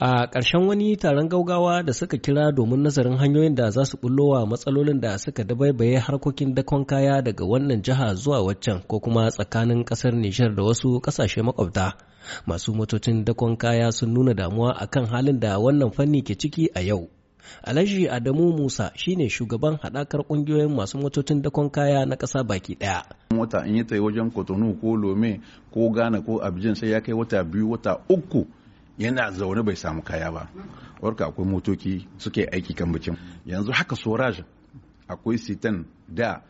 A ƙarshen wani taron gaugawa da suka kira domin nazarin hanyoyin da za su wa matsalolin da suka dabaibaye harkokin dakon kaya daga wannan jiha zuwa waccan ko kuma tsakanin ƙasar Nijar da wasu ƙasashe makwabta. Masu motocin dakon kaya sun nuna damuwa a kan halin da wannan fanni ke ciki a yau. Alhaji Adamu Musa shine shugaban haɗakar ƙungiyoyin masu motocin dakon kaya na ƙasa baki ɗaya. Mota in yi ta wajen Kotonu ko Lome ko Ghana ko Abidjan sai ya kai wata biyu wata uku yana zaune bai samu kaya ba warka akwai motoki suke aiki kan bikin yanzu haka soraj akwai sitan da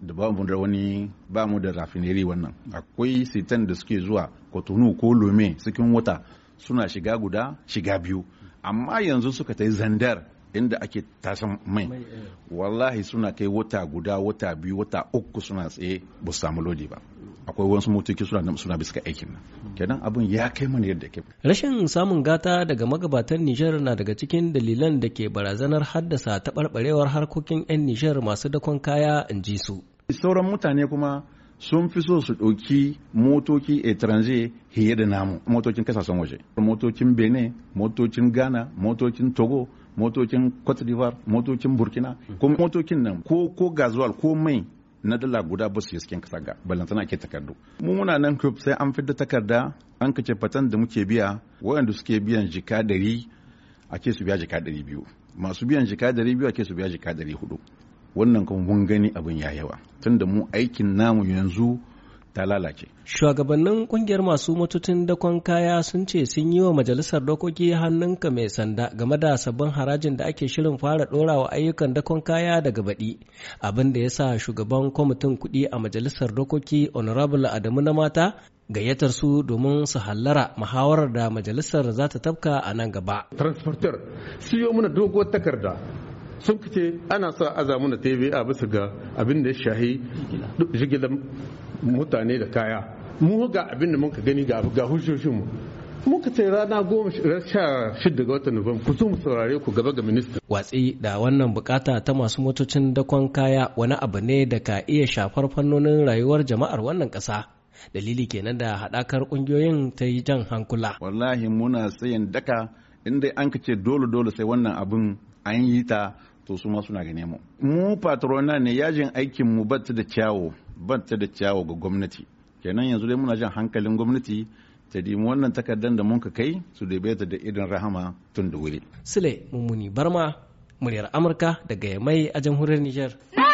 da ba mu da wani ba mu da rafineri wannan akwai sitan da suke zuwa kotonu ko lome cikin wata suna shiga guda shiga biyu amma yanzu suka ta zandar inda ake tasan mai eh. wallahi suna kai wata guda wata biyu wata uku suna tsaye ba samu lodi ba akwai wasu motoci suna nan suna bisa aikin nan kenan abin ya kai mana yadda ke rashin samun gata daga magabatan Nijar na daga cikin dalilan da ke barazanar haddasa taɓarɓarewar harkokin 'yan Nijar masu dakon kaya in ji su sauran mutane kuma sun fi so su ɗauki motoci transit fiye da namu motocin kasashen waje motocin benin motocin ghana motocin togo motocin cote d'ivoire motocin burkina kuma motocin nan ko ko gazuwal ko mai na dala guda ba su yi cikin kasa ga balantana ke takardu mu muna nan sai an fidda takarda an kace fatan da muke biya waɗanda suke biyan jika ɗari a ke su biya jika ɗari biyu masu biyan jika ɗari biyu a ke su biya jika ɗari hudu wannan kuma mun gani abin ya yawa tunda mu aikin namu yanzu ta lalace. Shugabannin kungiyar masu matutun dakon kaya sun ce sun yi wa majalisar dokoki hannunka mai sanda game da sabbin harajin da ake shirin fara ɗorawa ayyukan dakon kaya daga baɗi. Abin da ya sa shugaban kwamitin kuɗi a majalisar dokoki Honorable Adamu na mata gayyatar su domin su hallara muhawarar da majalisar za ta tafka a nan gaba. Transporter, siyo mana doguwar takarda sun ce ana sa na muna a bisa ga abin da ya shahi jigilar mutane da kaya mu ga abin da muka gani ga hujjoshinmu muka ce rana goma sha shida ga watan ku zo mu saurare ku gaba ga minista. Watsi da wannan bukata ta masu motocin dakon kaya wani abu ne da ka iya shafar fannonin rayuwar jama'ar wannan kasa Dalili kenan da haɗakar kungiyoyin ta yi jan hankula. Wallahi muna tsayin daka inda an ka ce dole dole sai wannan abin an yi ta to su ma suna gane mu mu patrona ne yajin aikin mu batta da kyawo batta da kyawo ga gwamnati kenan yanzu dai muna jan hankalin gwamnati ta dimi wannan takardar da mun ka kai su dabe ta da idan rahama tun da wuri sule mummuni barma muryar amurka daga yamai a jamhuriyar niger